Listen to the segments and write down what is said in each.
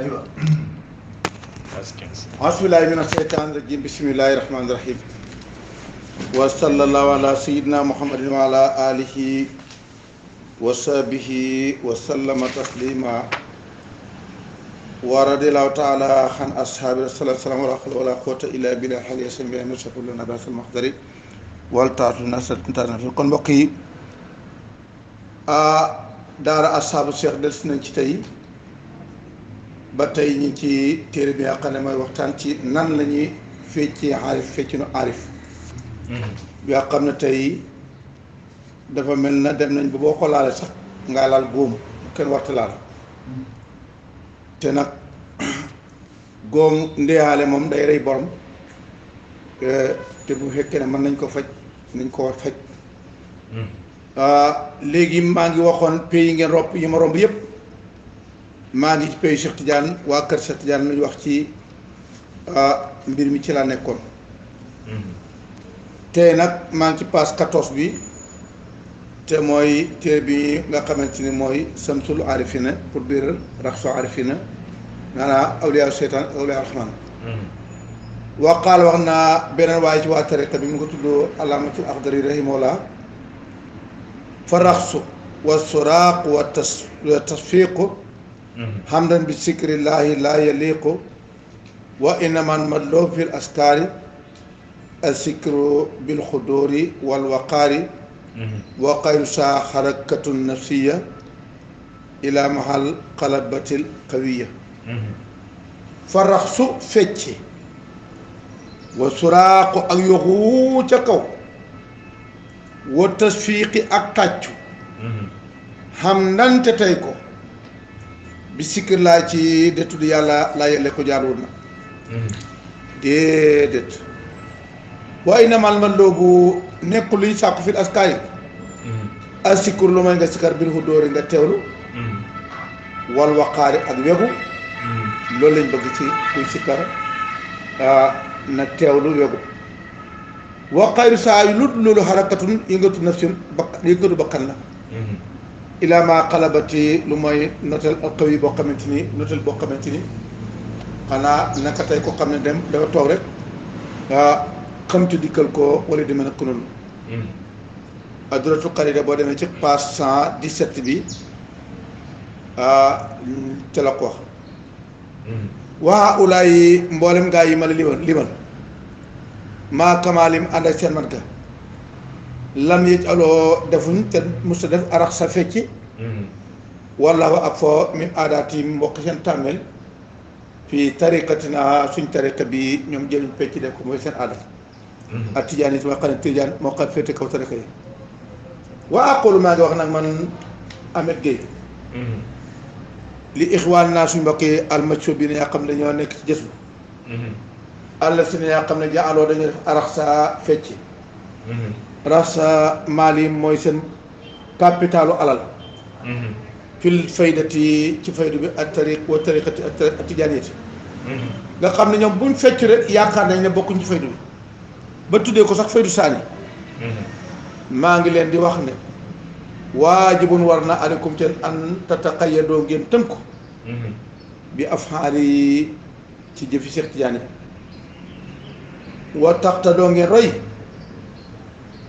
ايوه أعوذ بالله من الشيطان الرجيم بسم الله الرحمن الرحيم وصلى الله على سيدنا محمد وعلى آله وصحبه وسلم تسليما ورضي الله تعالى عن أصحاب الرسول صلى الله عليه وسلم ولا قوة إلا بالله الحلي يسلم بها من شكر لنا بأس المقدر والتعطي الناس التنتظر في القنبقي ا آه، دار أصحاب الشيخ دلسنا كتير ba tey ñu ci téere bi nga xam ne mooy waxtaan ci nan lañuy ñuy fecci aarif feccinu aarif bi mm-hmm. xam ne tey dafa mel na dem nañ ba boo ko laale sax ngaa laal góom kenn warta laal mm-hmm. te nag góom ndeexaale moom day rey borom te bu fekkee ne mën nañ ko faj nañ ko war faj mm-hmm. ah, léegi maa ngi waxoon pays yi ngeen ropp yi ma romb yëpp maa ngi ci pays Cheikh Tidiane waa kër Cheikh Tidiane nañu wax ci mbir mi ci laa nekkoon tey nag maa ngi ci passe quatorze bi te mooy téere bi nga xamante ni mooy samsul arifina pour biir raxso arifina naanaa awliyaa seytaan awliyaa rahman waqaal wax naa beneen waaye ci waa tariqa bi mu nga tudd alaamatul axdari rahimahullah fa raxsu wa suraaq wa tas tasfiiqu حمدا بشكر الله لا يليق وإنما المدلو في الأسكار الذكر بالخدور والوقار وقيسا حركة نفسية إلى محل قلبة القوية فرخص فتشي وسراق أيهو تكو وتصفيق أكتشو حمدا تتيكو bi sikkir laa ci de tudd yàlla laa yelle ko jaaduwul na hmm. déedéet waaye inamal man loobu nekk luy sàkku fil askaay hmm. a sikkur lu may nga sikkar bir xuddóori nga teewlu hmm. wal waqaari ak wegu loolu lañ bëgg ci kuy sikkar na teewlu wegu waqaaru saa yu lut loolu xarakatun yëngatu nafsin bakkan yëngatu bakkan la ilaa maa xalabati lu mooy notel ak xaw yi boo xamante ni notel boo xamante ni xanaa naka tey ko xam ne dem dafa toog rek ah, xam te dikkal ko wala deme nag ko noonu adratu xarida boo demee ci page cent dix-sept bi ah, ca wax hmm. waa ulaay yi mboolem gaa yi ma la liman liman maa kamaalim ànd ak seen mat ga لم يجعلوا دفن مستدف أرق سفكي والله أفو من آداتي موكسين تامل في طريقتنا سن طريقة بي نيوم جيل بيكي دي كموكسين آدات أتجاني تمقان تجان موقف فتك وطريقية وأقول ما دوغنا من أمد جي لإخواننا سن بقي المتشو بينا يقام لنيوان نكس جسم الذين يقام لنيوان أرق سفكي rasa maali mooy seen capitalu alal mm-hmm. fil faydati ci faydu bi ak tariq wa tariqati ak tijaaniyati mm-hmm. nga xam ne ñoom buñ fecc rek yaakaar nañ ne bokkuñ ci faydu bi ba tuddee ko sax faydu saani mm-hmm. maa ngi leen di wax ne waajibun war na aleykum teen an tataqayyadoo ngeen tënku bi afhaali ci jëfi Seex Tijaani wa taxtadoo ngeen roy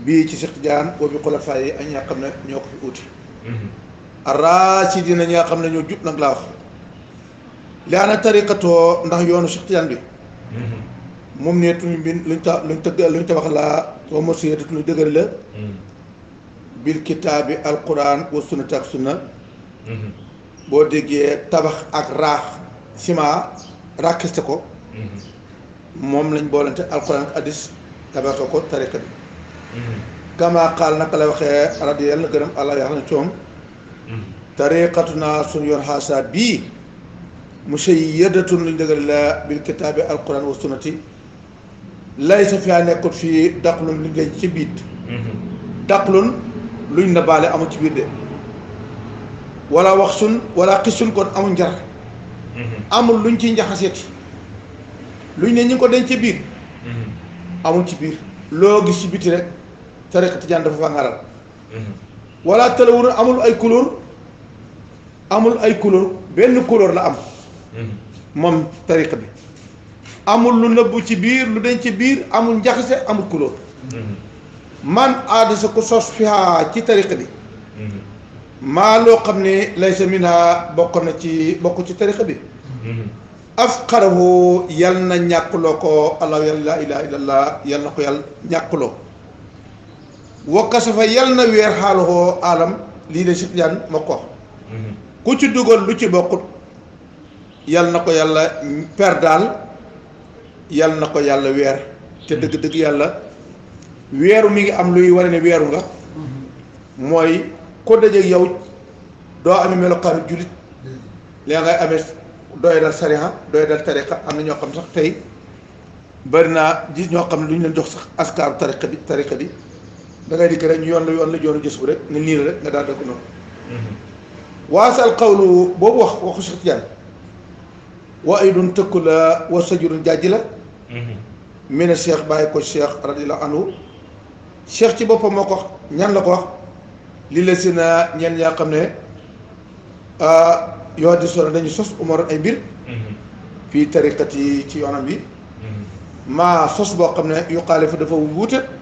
bii ci Cheikh Tidiane boobu xulafaa yi ak ñi xam ne ñoo ko fi uuti mhm. raashidina ñi nga xam ne ñoo jub nag laa wax li ana tariqatoo ndax yoonu Cheikh bi mhm. moom ne tuñu mbin luñ ta luñ tëgg luñ tabax laa soo mosiyatu tuñu dëgër la mhm. bil kitaabi al quran wa sunnati ak sunna boo déggee tabax ak raax ciment rakkiste ko moom lañ boolante al quran ak hadis tabax ko tariqa bi كما قال نقل وخي رضي الله كرم الله يعلم توم طريقتنا سنيون حاسا بي مشيدة لدغر الله بالكتاب القرآن والسنة ليس فيها نكت في دقل لنجي تبيت دقل لن نبالي أمو تبيت ولا وقت ولا قصة كون أمو نجر أمو لنجي نجحسيت لن ننجي كون دين تبيت أمو تبيت لو جسي بيت رك tariqa tijaan dafa fangaral mhm. wala talawun amul ay couleur amul ay couleur benn couleur la am mhm. moom tariqa bi amul lu nëbbu ci biir lu deñ ci biir amul njaxase amul couleur mhm. man aadasa ku sos fiha ci tariqa bi maa loo xam ne laysa minha bokk na ci bokk ci tariqa bi af xarahu yal na ñàkkuloo ko allah yàlla laa ilaha illallah yal na ko yàlla ñàkkuloo fa yal na weer ko alam lii de sityaan ma ko mhm. ku ci dugal lu ci bokkut yal na ko yàlla per daal yal na ko yàlla weer te dëgg dëgg yàlla weeru mi ngi am luy wane ne weeru nga mhm. mooy ko dajeeg yow doo amee melokaanu jullit mhm. lee ngay amee doy dal sariha doy dal tariqa am na ñoo xam sax tey bari naa gis ñoo xam ne lu ñu leen jox sax askaaru tariqa bi tariqa bi da ngay dikk rek ñu yoon la yoon la joonu gis bu rek nga nii la rek nga daal da ko noonu mhm. waasal xawlu boobu wax waxu Cheikh Tidiane wa aydun tëkku la wa sajurun jàjj la mhm. mi ne cheikh bàyyi ko cheikh radiallahu anhu cheikh ci boppam moo ko ñan la ko wax li la si na ñeen yaa xam ne yoo di sona dañu sos umaroon ay mbir mhm. fii tariqat yi ci yoonam bi maa sos boo xam ne yu xaale dafa wuute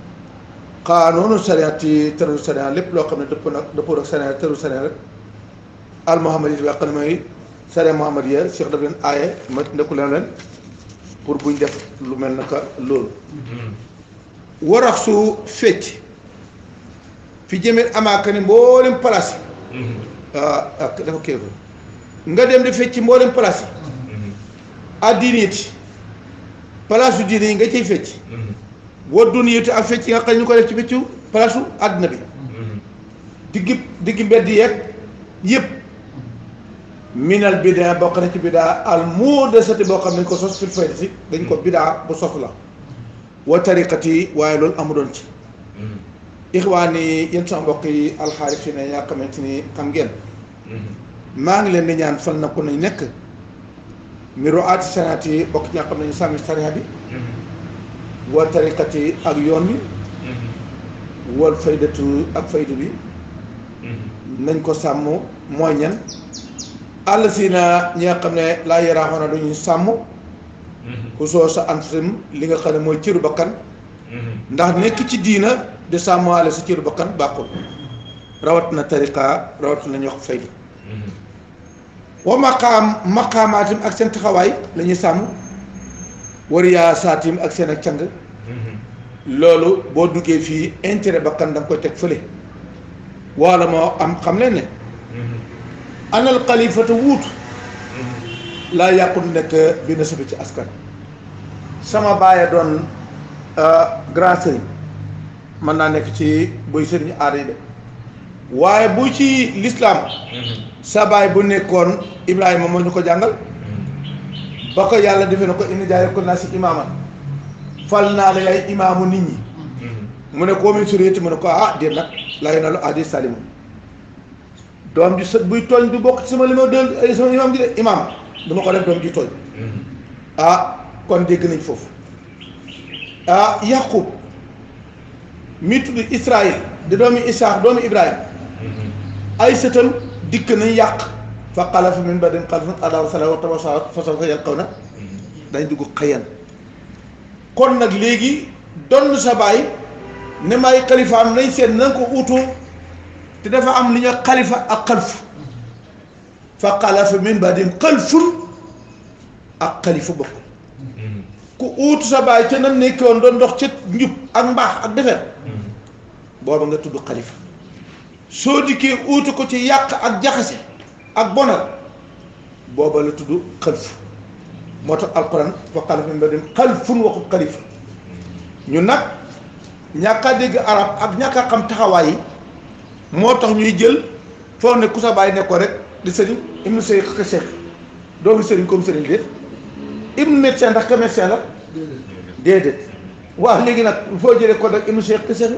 xaa noonu sariya ci tëru sariya lépp loo xam ne dëpp nag dëppoo ak sariya tëru sariya rek al muhammad yi bi xam ne mooy sariya muhammad ya Cheikh daf leen aaye ma ndekku leen leen pour buñ def lu mel naka loolu mhm. warax su fecc fi jëmee amaaka ni dem place yi mhm. ah, ak dafa kéeku nga dem di fecc mboolem place yi mhm. addiini it place yu diine yi nga ciy fecc wa duniya te ak fecc nga xam ñu ko def ci feccu palaasu àddina bi diggi diggi mbedd yeeg yëpp minal bidaa bokk na ci bidaa al muhdasati boo xam ne ko sos fil fayda si dañ ko bidaa bu sos la wa tariqat yi waaye loolu doon ci ixwaan yi mbokk yi alxaarif yi ne ni xam ngeen maa ngi leen di ñaan fan na ko nañ nekk miroati sanaat yi bokk ñaa xam nañu sàmmi sariya bi wa tariqati ak yoon wi mm-hmm. wal faydatu ak faydu bi mm-hmm. nañ ko sàmm mooy ñan àll si na ñi xam ne laa yaraaxoona duñu sàmm mm-hmm. ku soo sa antim li nga xam ne mooy cëru bakkan ndax nekk ci diina di sàmmaale sa cër bakkan baaxul rawat na tariqa rawat na ñu wax faydu maqaam maqaamaatim ak seen taxawaay la sàmm war yaa saatim ak seen ak càng loolu boo duggee fii intérêt bakkan da nga koy teg fële wala moo am xam leen ne anal xalifata wuutu laa yàqut nekk bi na subi ci askan sama baay doon euh, grand sëriñ mën naa nekk ci buy sëriñ aada yi de waaye bu ci lislaam mm-hmm. sa baay bu nekkoon Ibrahima moo ñu ko jàngal ba ko yàlla defee na ko indi jaay ko naa si imaaman fal naa la yaay imaamu nit ñi mu ne koo min suriyati mu ne ko ah déet nag lay na lu adi salimu doom ji sët buy tooñ du bokk ci sama li ma dël sama imaam ji de imaam dama ko def doom ji tooñ ah kon dégg nañ foofu ah yaqub mi tudd israil di doomi isaax doomi ibrahim ay sëtam dikk nañ yàq fa xalafu min badin xalafun adaw salaw tabasaat fasaw fa yàlqaw na dañ dugg xëyan kon nag léegi donn sa baay ne may xalifaam nañ seet nañ ko utu te dafa am li ñu xalifa ak xalf ak xalifu bokk ku uutu sa baay ca nam nekkoon doon dox ca njub ak mbaax ak defet booba nga tudd xalifa soo dikkee uutu ko ci yàq ak jaxase ak bonal booba la tudd xalf moo tax alquran wa xalafa min ba'dihim xalfun waxul xalifa ñu nag ñàkk a dégg arab ak ñàkk xam taxawaay yi moo tax ñuy jël foo ne ku sa baay nekkoon rek di sëriñ ibnu sëriñ ka seex doomu sëriñ comme sëriñ déet ibnu médecin ndax ka médecin la déedéet waaw léegi nag foo jëlee kon nag ibnu sëriñ ka seex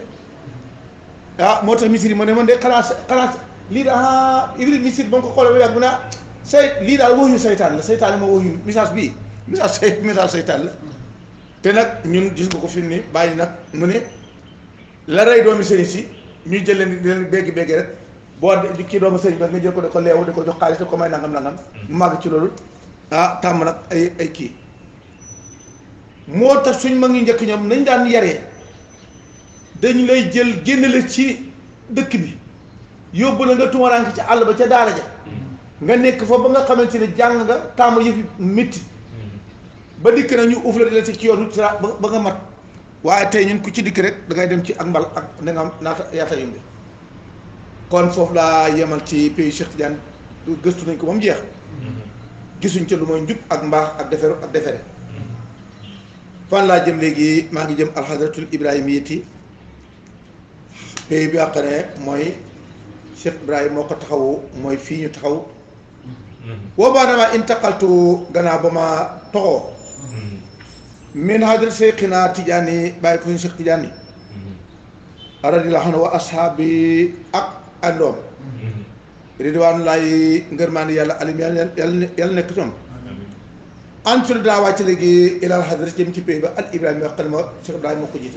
ah moo tax misiri ma ne man de xalaas xalaas lii daa hybride mystique ba nga ko xoolee ba yàgg bu naa say lii daal wóoyu saytaan la saytaan ma wóoyu message bii message say message la te nag ñun gis ko fi mu ne bàyyi nag mu ne la rey doomi sëriñ si ñuy jël leen di bégg bégg rek boo di kii doomu sëriñ ba nga jël ko da ko leewu da ko jox xaalis da ko may nangam nangam mu màgg ci loolu ah tàmm nag ay ay kii moo tax suñ mag ñu njëkk ñoom nañ daan yaree dañ lay jël génn la ci dëkk bi yóbbu la nga tumaraanke ci àll ba ca daara ja mm-hmm. nga nekk foofu ba nga xamante ne jàng nga tàmm yi métti ba dikk nañu ñu uuf la di la ci yoonu tra ba nga mat waaye tey ñun ku ci dikk rek dangay dem ci ak mbal ak da nga am naata yaata yumbi kon foofu laa yemal ci pays Cheikh gëstu nañ ko moom jeex mm-hmm. gisuñ ca lu mooy njub ak mbaax ak deferu ak defere mm-hmm. fan laa jëm léegi maa ngi jëm alxadratul ibrahimiyati pays bi àq ne mooy شيخ ابراهيم موكا تخاو موي في ني تخاو وبعدما انتقلت غنا بما تو من هذا شيخنا تجاني بايكو شيخ تجاني رضي الله عنه واصحابي اك ادوم رضوان الله غرمان يالا علي يالا يالا نيك توم انتر داوا تي لغي الى الحضره تيم تي بي با الابراهيم قلما شيخ ابراهيم موكو جيت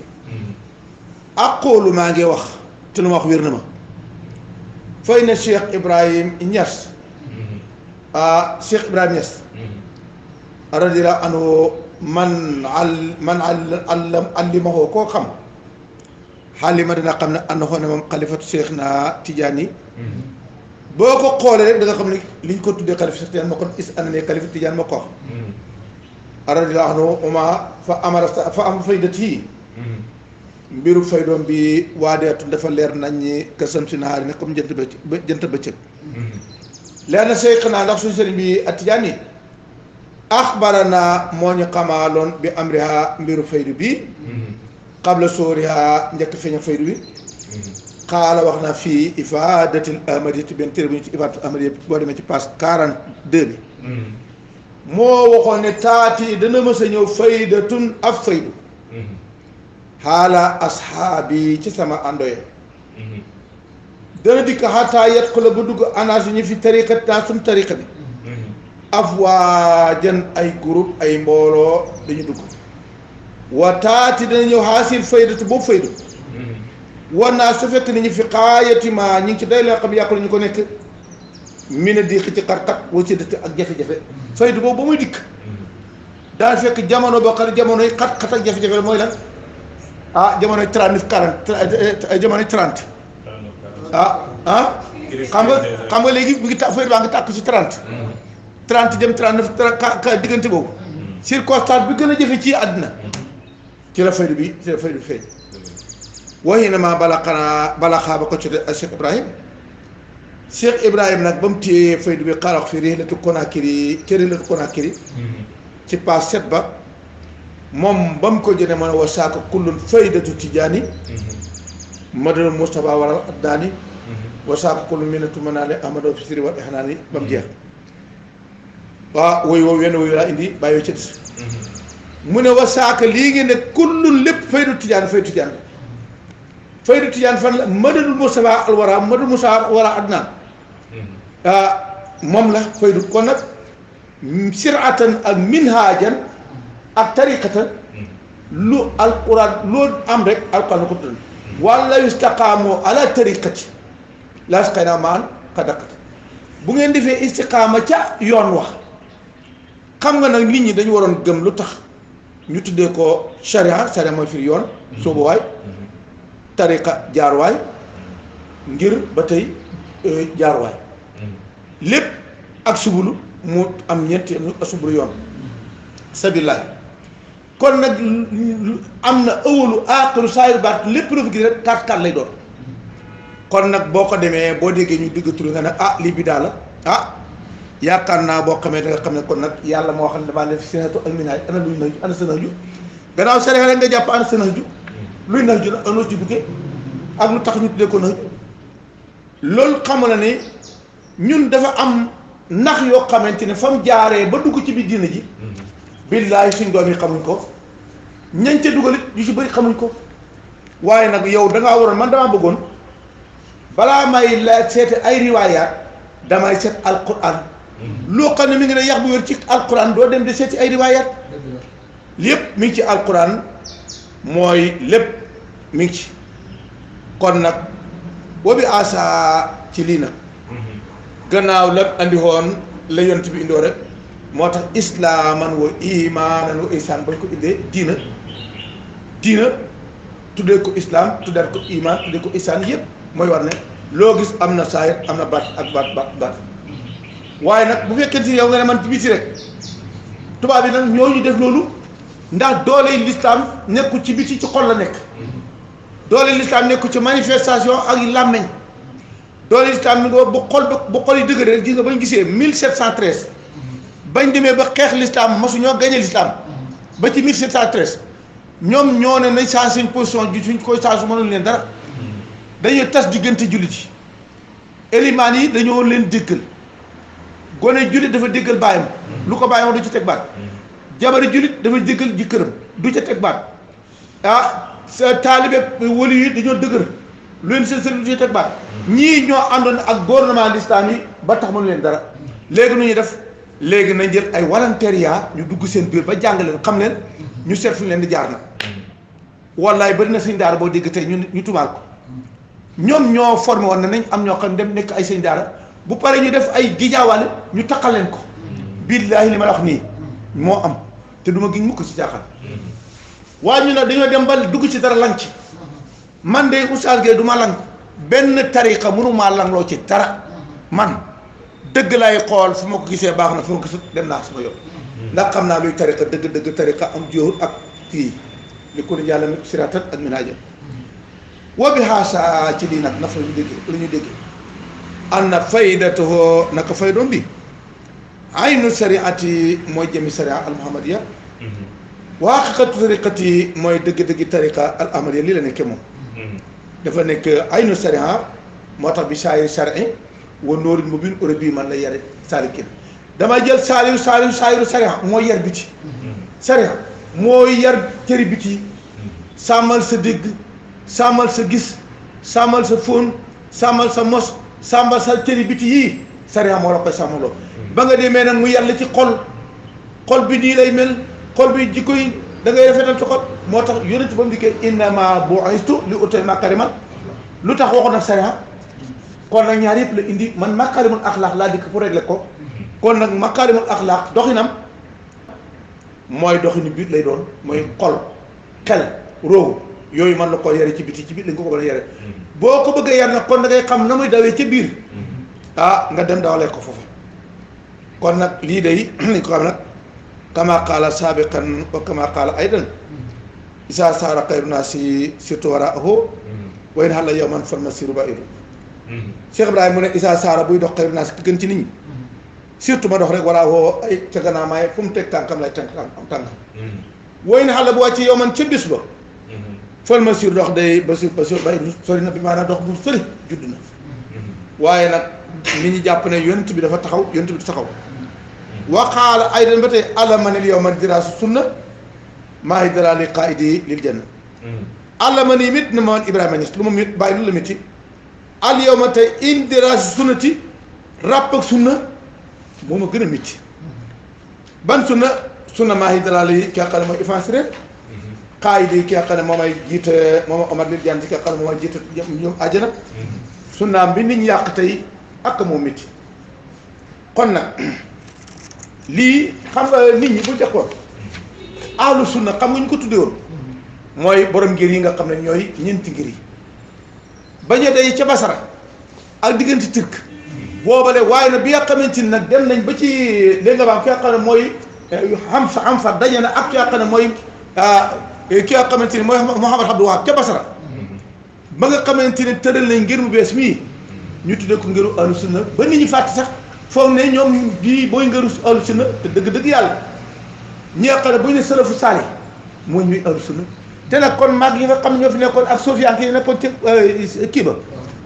اقول ما نجي واخ تنو واخ ويرنما فإن الشيخ إبراهيم إنيس آه شيخ إبراهيم إنيس رضي الله عنه من عل من عل علم علمه كو خم حالي ما دنا خمنا أنه هنا خليفة شيخنا تجاني boo ko xoolee rek da nga xam ne li ñu ko tuddee xalifa Cheikh Tidiane ma kon is ana ne xalifa Tidiane ma ko wax radiyallahu anhu uma fa amara fa am faydati mbiru faydoom bi waadeetu dafa leer nañ ñi kësam si nahaari ne comme jënt bëccëg jënt bëccëg mm-hmm. leer na say xanaa ndax suñu sëriñ bi atijaani axbarana moo ñu xamaaloon bi amriha mbiru faydu bi mm-hmm. qabla sóoriha njëkk feeña faydu bi xaala mm-hmm. wax na fii ifadatil ahmadiyati benn téere bu ñu ci ifadatil ahmadiyati bi moo waxoon ne taati dana mës a ñëw faydatun ab faydu xaala asxaabi ci sama àndoye mhm. dana dikk xataa yet xula ba dugg anaasu ñu fi tariqa taasum tariqa bi mhm. afwaajan ay groupe ay mbooloo dañu dugg wa taati dana ñëw xaasil faydatu boobu faydu mhm. wannaa su fekk ni ñu fi xaayatimaa ñu ngi ci day loo xam yàqu la ñu ko nekk ne diq ci xartak wasi dëtt ak jafe-jafe faydu boobu ba muy dikk daan fekk jamono boo xam ne jamono yi xat-xat ak jafe-jafe mooy lan ah jamonoy 39 40 jamonoy 30 ah ah xam nga xam nga léegi mu ngi ta feu baa nga tàkk si 30 30 jëm 39 diggante boobu circonstance bi gën a jëfe ci àdduna ci la faydu bi ci la faydu bi feeñ waxi na maa bala xanaa bala xaaba ko ci Cheikh Ibrahim Cheikh Ibrahim nag ba mu téyee faydu bi xarax fi réex la ko Conakry ci réex la ko Conakry ci paas set ba moom ba mu ko jëlee ma ne wa saaka kullun faydatu tijaani mm-hmm. madal Moustapha waral adnaani mm-hmm. wa saaka kullun minatu manaale ahmado fi siri wal ihnaani ba mu jeex mm-hmm. waaw woyu woowu wenn woyu laa indi bàyyoo ca des mu ne wa lii ngeen ne kullun lépp faydu tijaan faydu tijaan fan la madal Moustapha alwara madal Moustapha wara adnaan ah, moom la faydu kon nag siratan ak minhaajan ak tariqata lu alquran loo am rek alquran na ko tudd wala yustaqaamoo ala tariqati la bu ngeen defee istiqaama ca yoon wax xam nga nag nit ñi dañu waroon gëm lu tax ñu tuddee ko charia charia mooy firi yoon soobu waay tariqa jaarwaay ngir ba tey euh, jaarwaay lépp ak subulu mu am ñeenti subulu yoon sabilaay kon nag am na ëwalu aaxiru saahiru baat lépp lu fi gis rek kaat kaat lay doon kon nag boo ko demee boo déggee ñu digg tur nga nag ah lii bidaa la ah yaakaar naa boo xamee da nga xam ne kon nag yàlla moo xam ne damaa leen sénatu ak minaay ana luy nax ju ana sa nax ju gannaaw Sénégal jàpp ana sa nax ju luy nax ju nag anoo ci buggee tax ñu tuddee ko loolu xamu na ne ñun dafa am nax yoo xamante ne fa mu jaaree ba dugg ci biir diina ji billaay suñ doom yi xamuñ ko ñañ ca dugal it yu ci bëri xamuñ ko waaye nag yow dangaa ngaa waroon man damaa bëggoon balaa may la seete ay riwaayaat damay seet alquran loo xam ne mi ngi ne yax bu wér ci alquran doo dem di seeti ay riwaayaat lépp mi ngi ci alquran mooy lépp mi ngi ci kon nag boobi asa ci lii nag mm-hmm. gannaaw la andi woon la yont bi indoo rek moo tax islaaman wa imaanan wa ihsaan bañ ko indee diina diina tuddee ko islaam tuddee ko imaan tuddee ko ihsaan yëpp mooy war ne loo gis am na saayir am na baat ak baat baat baat waaye nag bu fekkente yow nga man ci rek tubaab yi nag ñoo ñu def loolu ndax doole lislaam nekku ci biti ci xol la nekk doole lislaam nekku ci manifestation ak làmmeñ doole lislaam mi nga bu xol bu xol yi dëgg rek gis nga bañ gisee bañ demee ba xeex l'islam masuñoo gagné l'islam ba ci 1713 ñoom ñoo ne nañ changé seen position ji suñ koy changé mënul leen dara dañuy tas diggante jullit yi élimaan yi dañoo leen déggal gone jullit dafa déggal bàyyam lu ko bàyyam du ci teg baat jabari jullit dafa déggal jëkkëram du ca teg baat ah sa taalibe wali yi dañoo dëgër lu leen seen sëriñ du ci teg baat ñii ñoo àndoon ak gouvernement l'islam yi ba tax mënu leen dara léegi nu ñuy def léegi nañ jël ay volontariat ñu dugg seen biir ba jàng leen xam neen ñu seet fu leen di jaar nag wallaay bari na sëñ daara boo dégg tey ñu ñu ko ñoom ñoo formé woon ne nañ am ñoo xam ne dem nekk ay sëñ daara bu paree ñu def ay gijaawaale ñu taqal leen ko billaahi li ma wax nii moo am te duma ma giñ mukk ci jaaxal waa ñu ne dañoo dem ba dugg ci dara lañ ci man de Oustaz Gueye du ma lang benn tariqa mënu maa langloo ci dara man dëgg lay xool fu ma ko gisee baax na fu ma ko gisut dem naa suma yoon ndax xam naa luy tariqa dëgg dëgg tariqa am jiwut ak kii li ko ni yàlla siraatat ak minaaja wa bi xaasa ci lii nag nafa ñu dégg lu ñu dégg an na faydatuhu naka faydoom bi aynu sariati mooy jëmi saria al muhammadiya waa xaqatu tariqati mooy dëgg-dëgg tariqa al ahmadiya lii la nekkee moom dafa nekk aynu saria moo tax bi saayir sari wa noorin mu bin urab bii man la yare saalikin dama jël saaliru saaliru saaliru sariha mooy yar biti sariha mooy yar cëri biti sàmmal sa dégg sàmmal sa gis sàmmal sa fóon sàmmal sa mos sàmmal sa cëri biti yii sariha moo la koy sàmmaloo ba nga demee nag mu yàlla ci xol xol bi nii lay mel xol bi jikko yi da ngay rafetal ci xol moo tax yonent ba mu dikkee innama bu'istu li utammima makarimal lu tax waxoon na sariha kon nak ñaar yëpp la indi man makarimul akhlaq la dik pour régler ko kon nak makarimul akhlaq doxinam moy doxini biir lay doon moy xol xel roow yoy man la ko yare ci biti ci bit lañ ko ko yare mm-hmm. boo ko yar nak kon da ngay xam na muy ci bir mm-hmm. ah nga dem dawalee ko fofu kon nak li day ni ko xam kama qala sabiqan wa kama qala aidan isa sara qaybna si surtout waraahu mm-hmm. wa in hal yawman farmasiru bairu Mm-hmm. Cheikh Ibrahima mu ne Issa Saara buy dox xëy naa si gën ci nit ñi. Mm-hmm. surtout ma dox rek walla woo ay ca gannaaw maay fu mu teg tànkam lay tànk tànk. Mm-hmm. wooy na xale bu wàcc yow man ca bis ba. fël ma sur dox day ba sur ba sur bay sori na bi maanaam dox bu sori judd na. waaye nag nit ñi jàpp ne yonent bi dafa taxaw yont bi taxaw. waqaala ay den ba tey alamanil yow man diraasu sunna maa ngi dara li qaidi lil janna. alamani mit ne ma woon Ibrahima Niass lu ma mit al yow ma tey indirage sunnati ràpp ak sunna moo ma gën a métti ban sunna sunna maa yi dalaa lay ki nga xam ne mooy ifance rek xaay di ki nga xam ne moomay jiite Omar nit jaan ci ki nga xam ne moomay jiite ñoom àjjana sunnaam bi nit ñi yàq tey ak moo métti kon nag lii xam nga nit ñi bu jokkoon ahlu sunna xam nga ñu ko tuddee woon mooy borom ngir yi nga xam ne ñooy ñeenti ngir yi baña day ci basara ak digënti turk boobale way na bi nga xamante ni dem nañ ba ci le nga maam fekk na moy ne mooy xam fa xam fa daje na ak ci nga xam ne mooy ki xamantini moy muhammad Abdou Wahab ci basara ba nga xamantini ni tëral nañ ngir mu bes mi ñu tudde ko ngiru ahlu sunna ba nit ñi fàtte sax foog ne ñom bi boy ngëru ahlu sunna te deug degg yàlla ñi xala xam bu ñu ne salafu saali mooy ñuy ahlu sunna te nag kon mag yi nga xam ñoo fi nekkoon ak sofiyanke yi nekkoon ci euh, kii ba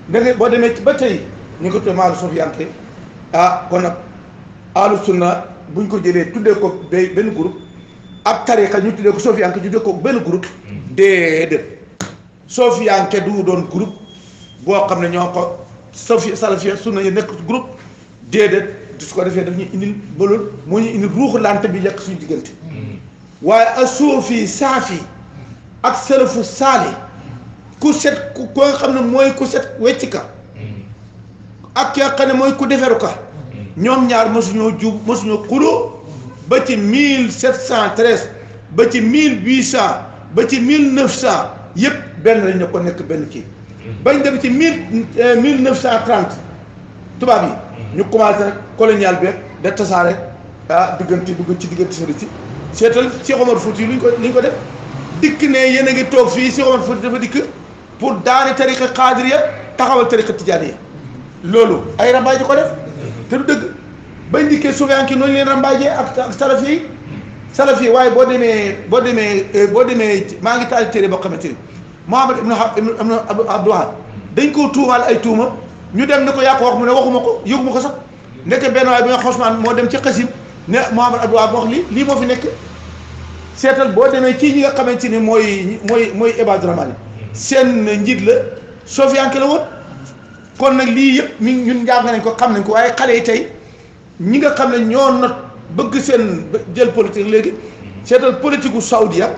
da boo demee ba tey ñu ngi ko tuddee ah kon nag ahlu sunna buñ ko jëlee tuddee ko benn groupe ab tariqa ñu tuddee ko sofiyanke ñu tuddee ko benn groupe déedéet sofiyanke du doon group boo xam ne ñoo ko sofi salafiya sunna yi nekk groupe déedéet du su ko defee daf ñu indil ba moo ñu indi ruuxu lante bi yàq suñu diggante hmm. waaye asoofi saafi ak sëlëfu saali ku set ku koo xam ne mooy ku set wecc ka ak ki nga mooy ku deferu ka ñoom ñaar mësuñoo jub mësuñoo xuloo ba ci mille sept cent ba ci mille huit cent ba ci mille neuf cent yëpp benn lañ ne ko nekk benn kii bañ dem ci mille euh, mille neuf cent trente tubaab yi ñu commencé nag colonial bi da tasaare ah diggante bugg ci diggante sori ci seetal Cheikh Omar Fouti luñ ko ñu ko def dikk ne yéen a ngi toog fii Cheikh Omar Fouti dafa dikk pour daani tariqa xaadiriya taxawal tariqa tijaaniya loolu ay rambaaje ko def te du dëgg bañ dikkee soufiyanke noonu leen rambaaje ak ak salaf yi salaf yi waaye boo demee boo demee euh, boo demee maa ngi taal téere boo xamante ni Mohamad ibnu ibnu Abdou Wahab dañ koo tuumaal ay tuuma ñu dem ne ko yaa wax mu ne waxuma ko yëguma ko sax nekk benn waay bi nga xosmaan moo dem ci xasim ne Mohamad Abdou Wahab wax lii lii moo fi nekk seetal boo demee kii ñi nga xamante ni mooy mooy mooy Eba Dramane seen njiit la Sofianke la woon kon nag lii yëpp mi ñun njàng nañ ko xam nañ ko waaye xale yi tey ñi nga xam ne ñoo not bëgg seen jël politique léegi seetal politique gu Saoudia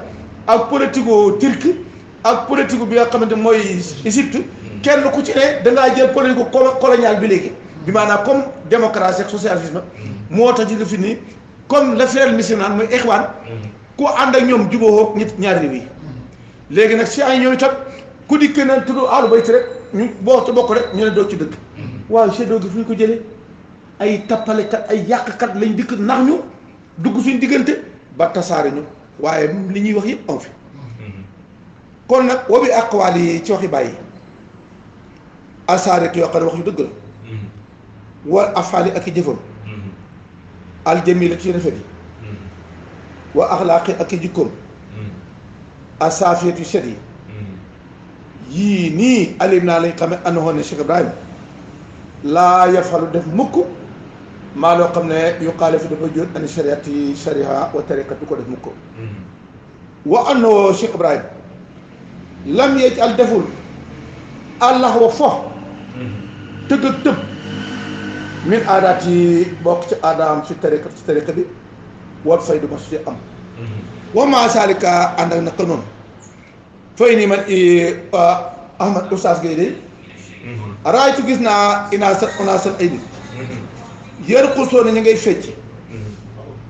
ak politique gu ak politique bi nga xamante mooy Égypte kenn ku ci ne da ngaa jël politique gu colonial bi léegi bi maanaam comme démocratie ak socialisme moo tax ci fi nii comme l'affaire missionnaire mooy Ikhwan ku ànd ak ñoom jubóowoog ñett ñaari bi léegi nag si ay ñoom itam ku dikk na tudd ahlu bayt rek ñu boo ci bokk rek ñu ne doo ci dëkk waaw seddoo gi fu ñu ko jële ay tappalekat ay yàqkat lañ dikk nax ñu dugg suñ diggante ba tasaare ñu waaye li ñuy wax yëpp am fi kon nag woo bi aqwaal yi ci waxi bàyyi asaare ki yoo xam ne wax yu dëgg la mm-hmm. war afaali ak i jëfam mm-hmm. aljamila ci rafet yi واخلاق اكيدكم اسافيه شدي يني علمنا لي قام انه الشيخ ابراهيم لا يفعل دف مكو ما لو قام يقال في الوجود ان الشريعه شريعه وطريقه دف مكو وانه الشيخ ابراهيم لم يجعل دفل الله وفه تكتب من عاداتي بوك ادم في طريقه في طريقه woot fay du ma su am mhm. wax ma saalika ànd ak naka noonu fay nii man ahmad oustaz Gueye de mhm. raaytu gis naa inaa sat onaa sat ay nit mhm. ngay fecc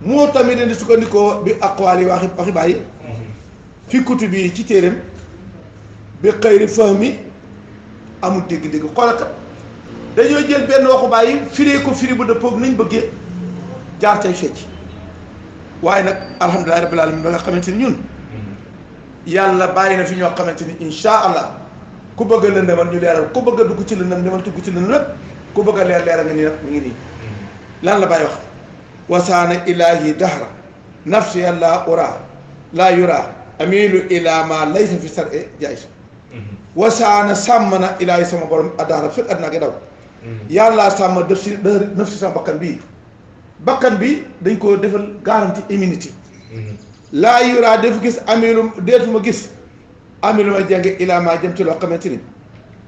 moo tamit leen sukkandikoo bi aqwaali waxi waxi bàyyi fi kutu bi ci téeréem bi xëyri fahmi amul dégg-dégg xoolaka dañoo jël benn waxu bàyyi firee ko firi bu dëppoog nañ bëggee jaar cay fecc waaye nag alhamdulilah rabbil alamin ba nga xamante ni ñun yàlla bàyyi na fi ñoo xamante ni insha allah ku bëgg a lëndëmal ñu leeral ku bëgg a dugg ci lëndëm demal dugg ci lëndëm lépp ku bëgg a leer leeral nga nii nag mu ngi nii lan la bàyyi wax wasaana ilahi dahra nafsi la ura la yura amilu ila ma laysa fi sar'e jaay wasaana sàmm na ilaahi sama borom adahra fil adnaa gi daw yàlla sàmm def si nafsi sama bakkan bii bakkan bi dañ koo defal garantie immunité mm-hmm. laa yuraa defu gis amilum ma gis amiluma jànge ilaa maa jëm ci loo xamante ni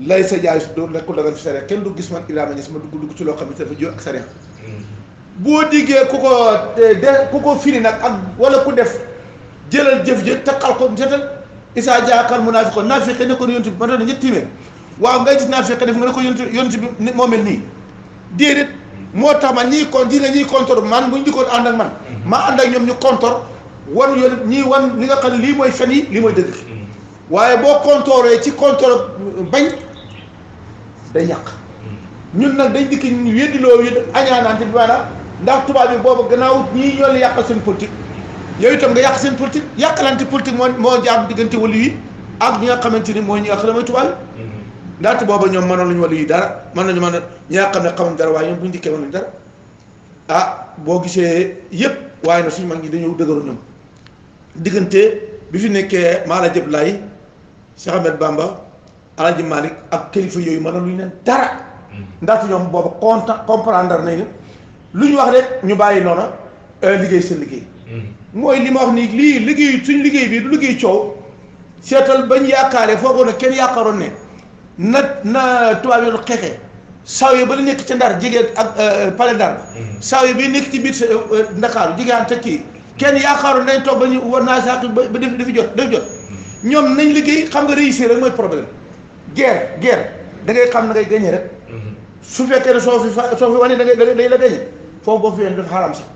lay sa jaay su doo nekkul dagan fi sariya kenn du gis man ilaa ma gis ma ci loo xamante dafa jóo ak sariya mm-hmm. boo diggee ku ko eh, de ku ko firi nag ak wala ku def jëlal jëf jë takkal ko setal isaa jaakal munaafiqo naafiqe ne ko yontu bi ma doon ñetti téeméer waaw ngay gis naafiqe def nga ne ko yontu yontu bi moo mel nii déedéet moo tax man ñii kon diine ñii kontor man bu ñu dikkoon ànd ak man ma ànd ak ñoom ñu kontor wan yoon ñii wan li nga xam ne lii mooy fen yi lii mooy dëgg waaye boo kontooree ci kontor bañ day yàq ñun nag dañ dikk weddiloo yu añaanaante bi maanaam ndax tubaab bi boobu gannaaw ñii ñoo la yàqal seen politique yooyu itam nga yàq seen politique yàqalante politique moo moo jaar diggante wali yi ak ñi nga xamante ni mooy ñi nga xam ne mooy tubaab ndaxte booba ñoom mënoon nañu wàllu yi dara mën nañu mën a ñi ne xamuñ dara waaye ñoom bu ñu dikkee mën ah, boo gisee yëpp waaye nag suñu mag ñi dañoo dëgëru diggante bi fi nekkee Maala Jëb Laay Cheikh Ahmed Bamba Alaji ak kilifa yooyu mënoon luñu leen dara ndaxte ñoom booba content comprendre nañu lu ñu wax rek ñu bàyyi noona euh, liggéey seen liggéey mm-hmm. mooy li ma wax nii lii liggéey suñ liggéey bii du liggéey coow seetal bañ yaakaaree foogoon ne kenn yaakaaroon ne na na tubaab yi xeexee saw yi ba lu nekk ci ndar jigéen ak euh, pale ndar mm. saw yi bi nekk ci biir euh, euh, ndakaaru jigéen te kii kenn yaakaaroon nañ toog ba ñu war naa sax ba ba def jot def jot mm. ñoom nañ liggéey xam nga réussir rek mooy problème guerre guerre da ngay xam na ngay gagné rek mm-hmm. su fekkee ne soo fi soo fi wane dangay ngay dañ la gagné foofu boo fi yéen dafa xaram sax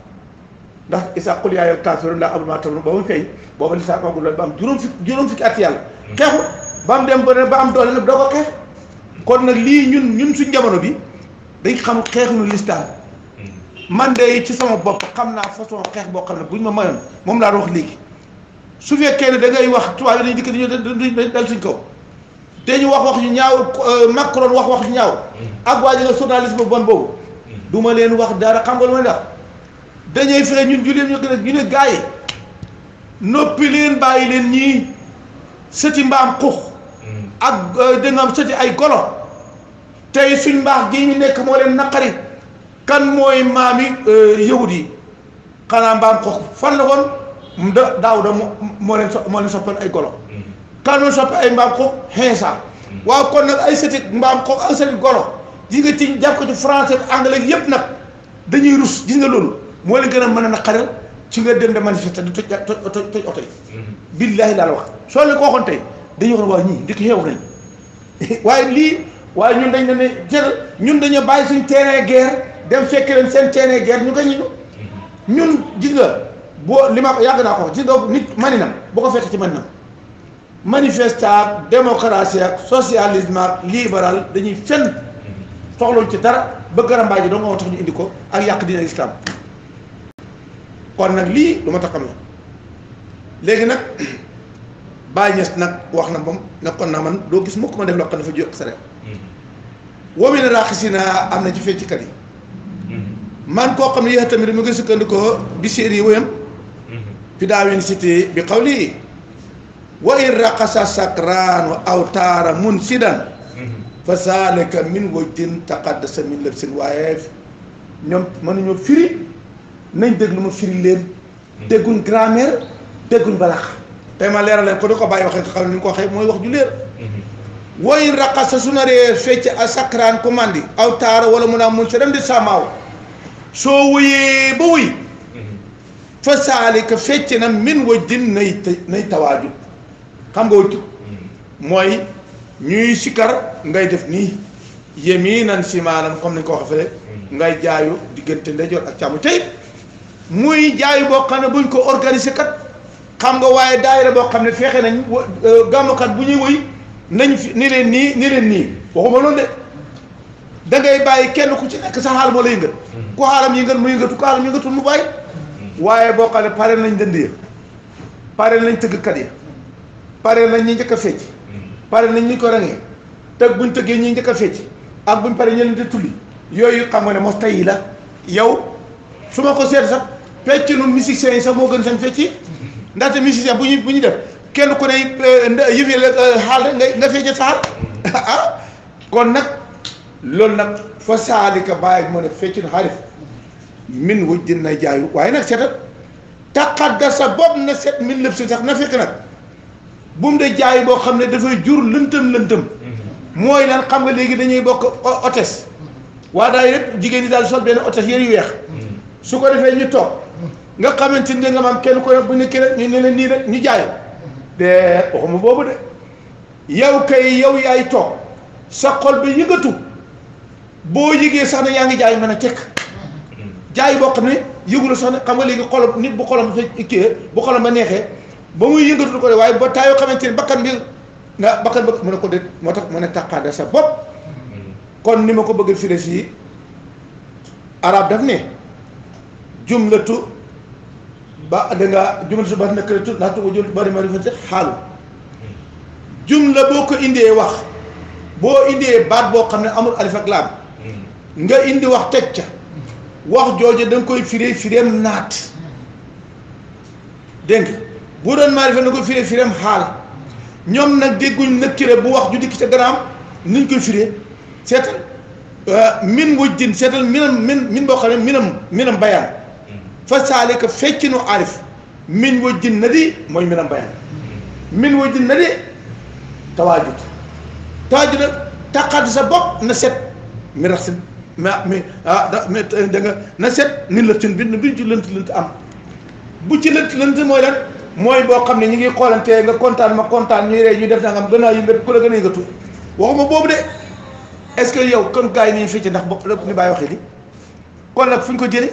ndax isa qul yaa ayyuhal kaafiruun laa a'budu maa ta'buduun ba mu fay booba lisaa ba am juróom fukki juróom fukki at yàlla mm. xeexu ba mu dem ba ba am doole nag doo ko xeex kon nag lii ñun ñun suñ jamono bi dañ xam xeexuñu lislaam man de ci sama bopp xam naa façon xeex boo xam ne buñ ma mënoon moom laa wax léegi su fekkee ne da ngay wax tubaab yi dañuy dikk dañuy dañuy dal suñ kaw te ñu wax wax ñu ñaaw euh, Macron wax wax ñu ñaaw ak waa ji nga journalisme bon boobu du ma leen wax dara xam nga lu ma leen wax dañuy fexe ñun ñu leen ñu ñu ne gars yi noppi leen bàyyi leen ñii sëti mbaam xux ak euh, dëngam sëti ay golo tey suñ mbaax gi ñu nekk moo leen naqari kan mooy maami euh, yahud yi xanaa mbaam xoox fan la woon da daawuda moo leen so moo leen soppal ay golo mm-hmm. kan moo soppal ay mbaam xoox xeesa mm-hmm. waaw kon nag ay sëti mbaam xoox ak sëti golo gis nga ci jàpp ko ci français anglais yépp nag dañuy rus gis nga loolu moo leen gën a mën a naqareel ci nga dem de manifester di toj toj toj oto yi mm-hmm. billaahi daal wax soo leen ko tey dañuy wax ne waa ñii waaye lii waaye ñun dañ ne ne ñun dañu bàyyi suñ terrain guerre dem fekk leen seen terrain guerre ñu gañu ñun gis nga boo li ma yàgg naa ko gis nga nit maninam boo ko fekk ci maninam manifesta ak démocratie ak socialisme ak libéral dañuy fenn soxloon ci dara ba garambaay ji doo nga tax ñu indi ko ak yàq diine islam kon nag lii lu ma taxam la léegi nag Baye Niass nag wax na moom nag kon naa man doo gis mukk ma def loo xam ne dafa jóg sa réew. Mm-hmm. woo raaxisi naa am na ci feccikat yi. Mm-hmm. man koo xam ne yéex tamit mu ngi sukkandikoo mm-hmm. bi séer yi wéyam. fi bi xaw lii. wa in raqasa sakraan wa aw taara mun sidan. fa saalika min wajtin taqaddasa min labsin waaye ñoom mënuñoo firi nañ déglu ma firi leen. dégguñ grammaire dégguñ balax. tey ma leeral leen ko di ko bàyyi waxee xam ne ni ko waxee mooy wax ju leer woyin raqasa su naree fecc a sakraan ku mandi aw taara wala mun a mun sa dem di samaaw soo wuyee ba wuy fa saalika fecc na min wajjin nay nay tawaaju xam nga wajju mooy ñuy sikar ngay def nii yeminan si maanaam comme ni ko waxee fële ngay jaayu diggante ndeyjoor ak càmm tey muy jaayu boo xam ne buñ ko organiser kat xam nga waaye daayira boo xam ne fexe nañ euh, gàmmukat bu ñuy woy nañ fi ni leen nii ni leen nii waxuma loolu de da bàyyi kenn ku ci nekk sa xaal moo lay yëngal mm-hmm. ku xaalam yëngal mu yëngatu ku xaalam yëngatul mu bàyyi mm-hmm. waaye boo xam ne pare nañ dënd ya pare nañ tëggkat ya pare nañ ñu njëkk a fecc mm-hmm. pare nañ ñi ko rangee tëgg buñ tëggee ñi njëkk a fecc ak buñ pare ñeneen di tulli yooyu xam nga ne mos tey la yow su ma ko seet sax fecc nu musiciens yi sax moo gën seen fecc ndaxte musicien bu ñu bu ñu def kenn ku ne euh, yëf yi la euh, xaal rek nga nga fecc saal ah kon nag loolu nag fa saalika bàyyi moo ne feccin xarif min wuj din na jaayu waaye nag seetal taqaddasa boobu na set min lépp si sax na fekk nag bu mu de jaay boo xam ne dafay jur lëntëm lëntëm mm-hmm. mooy lan xam nga léegi dañuy bokk otes waa daay yëpp jigéen ñi daal sol benn otes yéen yu weex mm-hmm. su ko defee ñu toog nga xamante ni nga maam kenn ko ne bu ñu kii ñu ne leen nii rek ñu jaay de waxuma boobu de yow kay yow yaay toog sa xol bi yëngatu boo yëgee sax ne yaa ngi jaay mën a tekk jaay boo xam ne yëgul sax ne xam nga léegi xolam nit bu xolam sa kii bu xolam ba neexee ba muy yëngatu ko de waaye ba taayoo xamante ni bakkan bi nga bakkan ba mën a ko déet moo tax mën a taqaada sa bopp kon ni ma ko bëgg firi si arab daf ne jumlatu ba dangaa jumla su baax nekk la tudd ndax tu ko jumla bari marifati xaalu jumla boo ko indee wax boo indee baat boo xam ne amul alif ak laam nga indi wax teg ca wax jooje da koy firee fireem naat dégg nga bu doon maarifa na koy firee fireem xaal ñoom nag dégguñ nëkkire bu wax ju dikk ca ganaam nuñ koy firee seetal euh, min wujjin seetal minam min min boo xam ne minam minam bayaan fasalika fekkino arif min wajjinnadi moy minan bayan min wajjinnadi tawajud tawajud taqad sa bop na set mi rax ma mi ah da nga na set ni la tun bi duñ ci lënt lënt am bu ci lënt lënt mooy lan mooy boo xam ne ñu ngi xoolante nga kontaan ma kontaan ñuy rey ñuy def nangam gënaa yu mbépp ku la gën a yëngatu waxuma boobu de est ce que yow kon gars yi nañu fii ci ndax bopp lépp ni bàyyi waxee li kon nag fuñ ko jëlee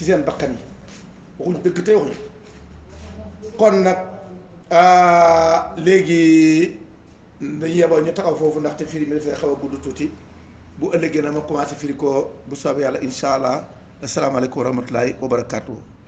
ci seen bakkan yi waxuñ dëgg te waxuñ kon nag léegi dañu yeboo ñu taxaw foofu ndaxte firi mi dafay xaw a gudd tuuti bu ëllëgee na ma commencé firi ko bu soobee yàlla incha allah asalaamaaleykum wa rahmatulahi wa barakaatu.